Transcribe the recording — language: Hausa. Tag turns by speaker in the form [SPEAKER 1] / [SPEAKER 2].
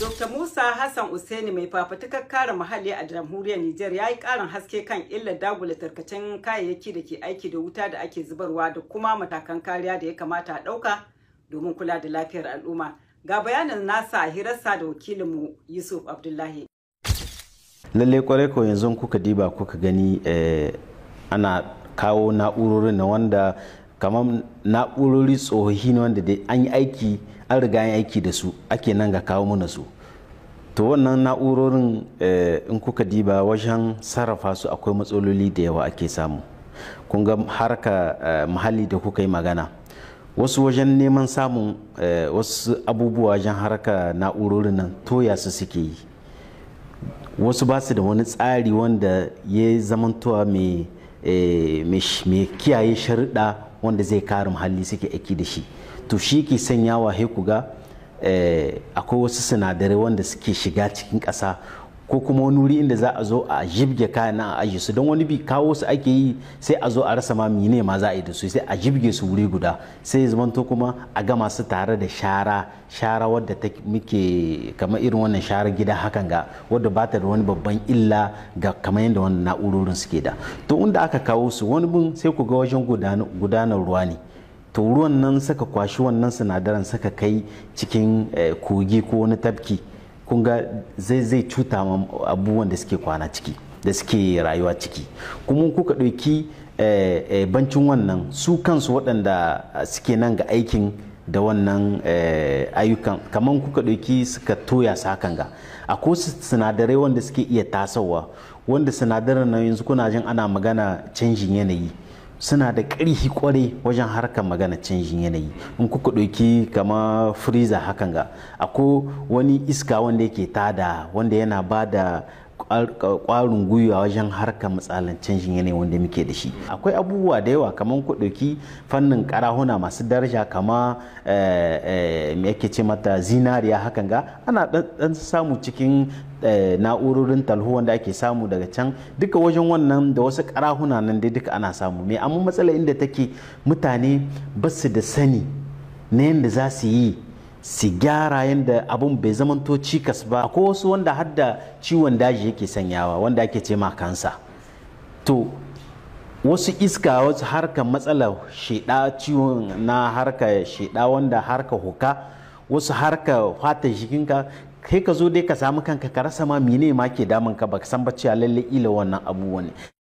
[SPEAKER 1] Dr. Musa Hassan Useni mai fafutukar kare muhalli a jamhuriyar Nijar ya yi karin haske kan illar dagula tarkacen kayayyaki da ke aiki da wuta da ake zubarwa da kuma matakan kariya da ya kamata a ɗauka domin kula da lafiyar al'umma. Ga bayanin nasa a hirarsa da wakilinmu Yusuf Abdullahi.
[SPEAKER 2] Lalle kwarai ko yanzu kuka diba kuka gani eh, ana kawo na'urorin na wanda kamar na'urori tsohi ne wanda dai an yi aiki an riga yin aiki da su ake nan ga kawo mana su to wannan na'urorin eh, in kuka diba wajen sarrafa su akwai matsaloli da yawa ake samu kun ga harka eh, muhalli da kuka yi magana wasu wajen neman samun eh, wasu abubuwa wajen harka na'urorin nan toya su suke yi wasu ba su da wani tsari wanda ya zamantowa mai kiyaye sharuɗa wanda zai kare muhalli suke aiki da shi to shi ke sanyawa he ku ga eh, akwai wasu sinadarai wanda suke shiga cikin kasa ko kuma wani wuri inda za a zo a jibge kayan a aji su don wani bi kawo su ake yi sai a zo a rasa ma mine ma za a yi da su sai a jibge su wuri guda sai zamanto kuma a gama su tare da shara shara wadda ta muke kama irin wannan shara gida hakan ga wadda ba ta da wani babban illa ga kamar yadda wannan na'urorin suke da to inda aka kawo su wani bin sai ku ga wajen gudanar ruwa ne to ruwan nan saka kwashi wannan sinadaran saka kai cikin eh, kogi ko wani tafki kun ga zai zai cuta abubuwan da suke kwana ciki da suke rayuwa ciki kuma kuka ɗauki eh, eh, bancin wannan su kansu waɗanda suke nan ga aikin da wannan ayyukan kamar kuka ɗauki suka toya su hakan ga akwai sinadarai wanda suke iya tasowa wanda sinadaran na yanzu kuna jin ana magana canjin yanayi suna da ƙarfi kwarai wajen harkar magana canjin yanayi in kuka ɗauki kama freezer hakan ga akwai wani iska wanda yake tada wanda yana ba da kwarin gwiwa wajen harkar matsalan canjin yanayi wanda muke da shi akwai abubuwa da yawa kamar ku fannin karahuna masu daraja kama eh, eh, me yake ce mata zinariya hakan ga ana ɗan samu cikin eh, na'urorin talho wanda ake samu daga can duka wajen wannan da wasu karahuna nan dai duka ana samu me amma matsala inda take mutane basu da sani na yadda za su yi si gyara yadda abun bai zamanto cikas ba ko wasu wanda har da ciwon daji yake sanyawa wanda ake ce kansa to wasu iska wasu harkar matsala sheda ciwon na harka sheda wanda harka hoka wasu harka fata jikinka kai ka zo dai ka samu kanka ka rasa ma mene ma ke damun ka ka san ba cewa lalle ila wannan abu ne